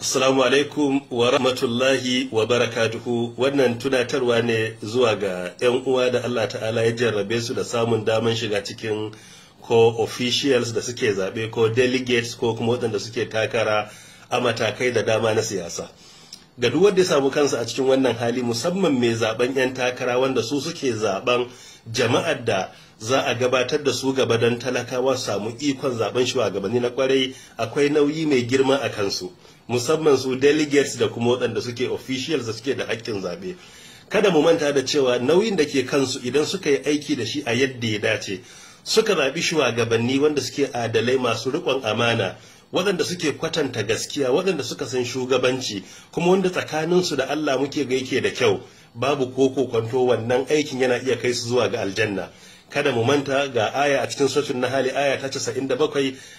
Assalamu alaikum wa rahmatullahi wa barakatuhu wannan tunatarwa ne zuwa ga 'yan uwa da Allah ta'ala ya jarrabe su da samun damar shiga cikin ko officials da suke zaɓe ko delegates ko kuma waɗanda suke takara a matakai da dama na siyasa. Ga duk wanda ya samu kansa a cikin wannan hali musamman mai zaben 'yan takara wanda su suke zaben jama'ar da za a gabatar da su gaba don talakawa samu ikon zaben shugabanni na kwarai akwai nauyi mai girma a kansu. musamman su delegates da kuma waɗanda suke officials da suke da haƙƙin zaɓe kada mu manta da cewa nauyin da ke kansu idan suka yi aiki da shi a yadda ya dace suka zaɓi shugabanni wanda suke adalai masu riƙon amana waɗanda suke kwatanta gaskiya waɗanda suka san shugabanci kuma wanda tsakaninsu da Allah muke ga yake da kyau babu koko kwanto wannan aikin yana iya kai su zuwa ga aljanna kada mu manta ga aya a cikin na hali, aya ta 97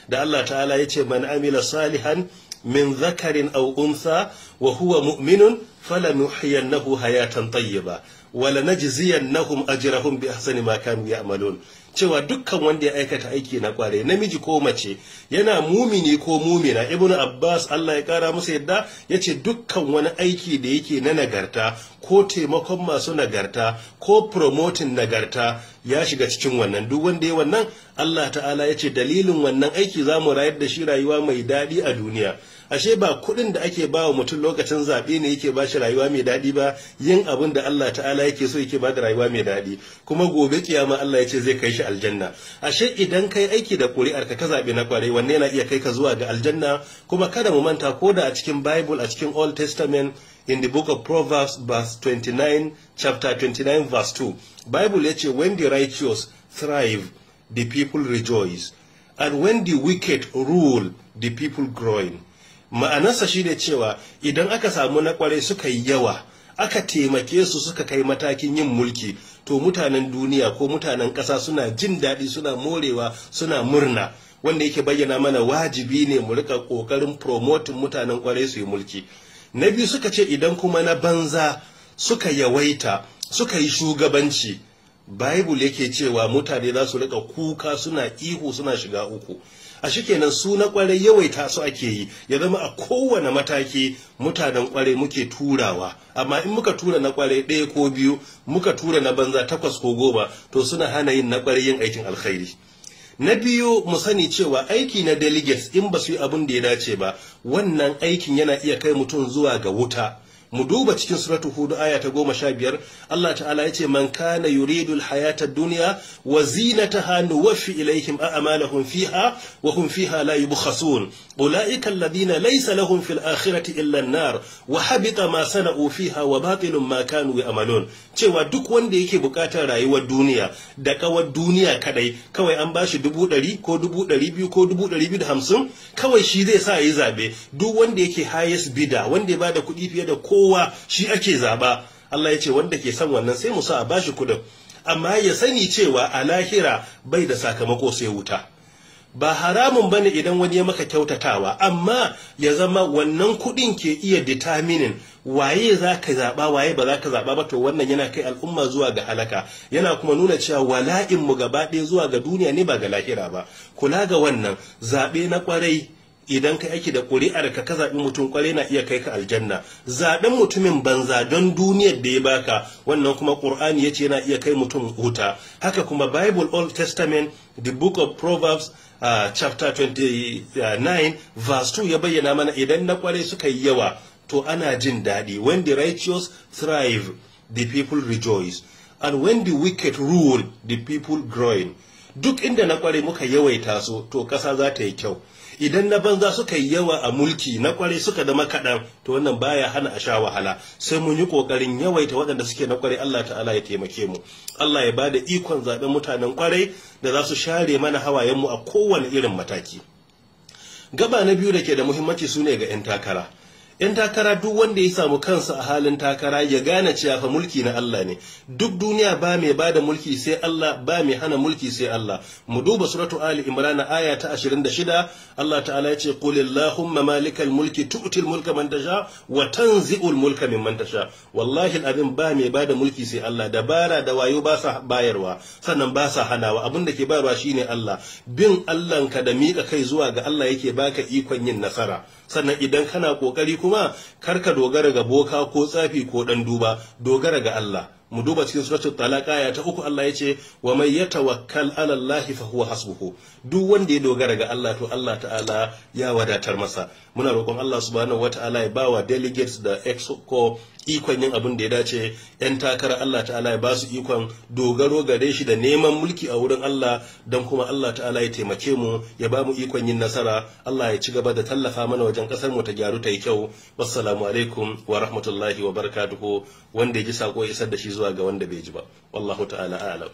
da Allah ta'ala ya ce, man amila salihan من ذكر أو أنثى وهو مؤمن falanuhiyannahu hayatan tayyiba wala najziyannahum ajrahum bi ahsani ma kanu ya'malun cewa dukkan wanda ya aikata aiki na kware namiji ko mace yana mumini ko mumina ibnu abbas Allah ya kara musu yadda yace dukkan wani aiki da yake na nagarta ko taimakon masu nagarta ko promoting nagarta ya shiga cikin wannan duk wanda ya wannan Allah ta'ala yace dalilin wannan aiki zamu rayar da shi rayuwa mai daɗi a duniya ashe ba kuɗin da ake ba wa mutum lokacin zaɓe ne yake ba shi rayuwa mai daɗi ba yin abin da Allah ta'ala yake so yake bada rayuwa mai daɗi kuma gobe kiyama Allah ya ce zai kai shi aljanna ashe idan kai aiki da ƙuri'ar ka ka zaɓi na kwarai wanne yana iya kai ka zuwa ga aljanna kuma kada mu manta ko da a cikin Bible a cikin Old Testament in the book of Proverbs verse 29 chapter 29 verse 2 Bible ya ce when the righteous thrive the people rejoice and when the wicked rule the people groan ma'anarsa shine cewa idan aka samu na ƙwarai suka yi yawa aka taimake su suka kai matakin yin mulki to mutanen duniya ko mutanen ƙasa suna jin daɗi suna morewa suna murna wanda yake bayyana mana wajibi ne mu rika ƙoƙarin promotin mutanen kwarai su yi mulki na biyu suka ce idan kuma na banza suka yawaita suka yi shugabanci bible yake cewa mutane za su rika kuka suna ihu suna shiga uku a kenan su na kwarai yawaita su ake yi ya zama a kowane mataki mutanen kwarai muke turawa amma in muka tura na kwarai ɗaya ko biyu muka tura na banza takwas ko goma to suna hana yin na kwarai yin aikin alkhairi na biyu mu sani cewa aiki na delegates in ba su yi abin da ya dace ba wannan aikin yana iya kai mutum zuwa ga wuta mu duba cikin suratu hudu aya ta goma sha biyar Allah ta'ala ya ce man kana yuridu alhayata dunya wa zinataha nuwaffi ilaihim a'malahum fiha wa hum fiha la yubkhasun ulaika alladhina laysa lahum fil akhirati illa an-nar wa habita ma sana'u fiha wa batilun ma kanu ya'malun cewa duk wanda yake bukatar rayuwar duniya da kawar duniya kaɗai kawai an bashi dubu ɗari ko dubu ɗari biyu ko dubu ɗari biyu da hamsin kawai shi zai sa yi zaɓe. duk wanda yake highest bidder wanda ya bada kuɗi fiye da ko kowa shi ake zaba Allah ya ce wanda ke san wannan sai mu sa a bashi kudin amma ya sani cewa a lahira bai da sakamako sai wuta ba haramun bane idan wani ya maka kyautatawa amma ya zama wannan kudin ke iya determining waye za ka zaɓa waye ba za ka zaɓa ba to wannan yana kai al'umma zuwa ga halaka yana kuma nuna cewa wala'in mu gaba ɗaya zuwa ga duniya ne ba ga lahira ba kula ga wannan zaɓe na kwarai. idan ka aiki da ƙuri'ar ka ka zaɓi mutum ƙwarai na iya kai ka aljanna zaɓen mutumin banza don duniyar da ya baka wannan kuma ƙur'ani ya ce yana iya kai mutum huta. haka kuma bible old testament the book of proverbs uh, chapter 29 verse 2 ya bayyana mana idan na ƙwarai suka yi yawa to ana jin daɗi when the righteous thrive the people rejoice and when the wicked rule the people groan duk inda na kware muka yawaita su to ƙasa za ta yi kyau idan na banza suka yi yawa a mulki na kwarai suka da makaɗan to wannan baya hana a sha wahala sai mun yi ƙoƙarin yawaita waɗanda suke na kwarai Allah ta'ala ya taimake mu Allah ya bada ikon zaɓen mutanen kwarai da za su share mana hawayenmu a kowane irin mataki gaba na biyu da ke da muhimmanci su ne ga 'yan takara 'yan takara duk wanda ya samu kansa a halin takara ya gane cewa fa mulki na Allah ne duk duniya ba mai ba da mulki sai Allah ba mai hana mulki sai Allah mu duba suratu ali imran aya ta ashirin da shida Allah ta'ala ya ce qul allahumma malikal mulki tu'til mulka man tasha wa tanzi'ul mulka mimman tasha wallahi abin ba mai ba da mulki sai Allah dabara da wayo ba sa bayarwa sannan ba sa hanawa abin da ke bayarwa ne Allah bin Allahnka da miƙa kai zuwa ga Allah yake baka ikon yin nasara sannan idan kana kokari ko kuma kar ka dogara ga boka ko tsafi ko ɗan duba dogara ga Allah mu duba cikin suratul talaka ya ta uku Allah ya ce wa may yatawakkal ala Allah fa huwa hasbuhu duk wanda ya dogara ga Allah to Allah ta'ala ya wadatar masa muna roƙon Allah subhanahu wataala ya bawa delegates da exco ikon yin abin da ya dace yan takara Allah ta'ala ya ba su ikon dogaro gare shi da neman mulki a wurin Allah don kuma Allah ta'ala ya taimake mu ya ba mu ikon yin nasara Allah ya ci gaba da tallafa mana wajen kasar mu ta gyaru ta yi kyau wassalamu alaikum wa rahmatullahi wa barakatuhu wanda ya ji sako ya isar da shi zuwa ga wanda bai ji ba wallahu ta'ala a'lam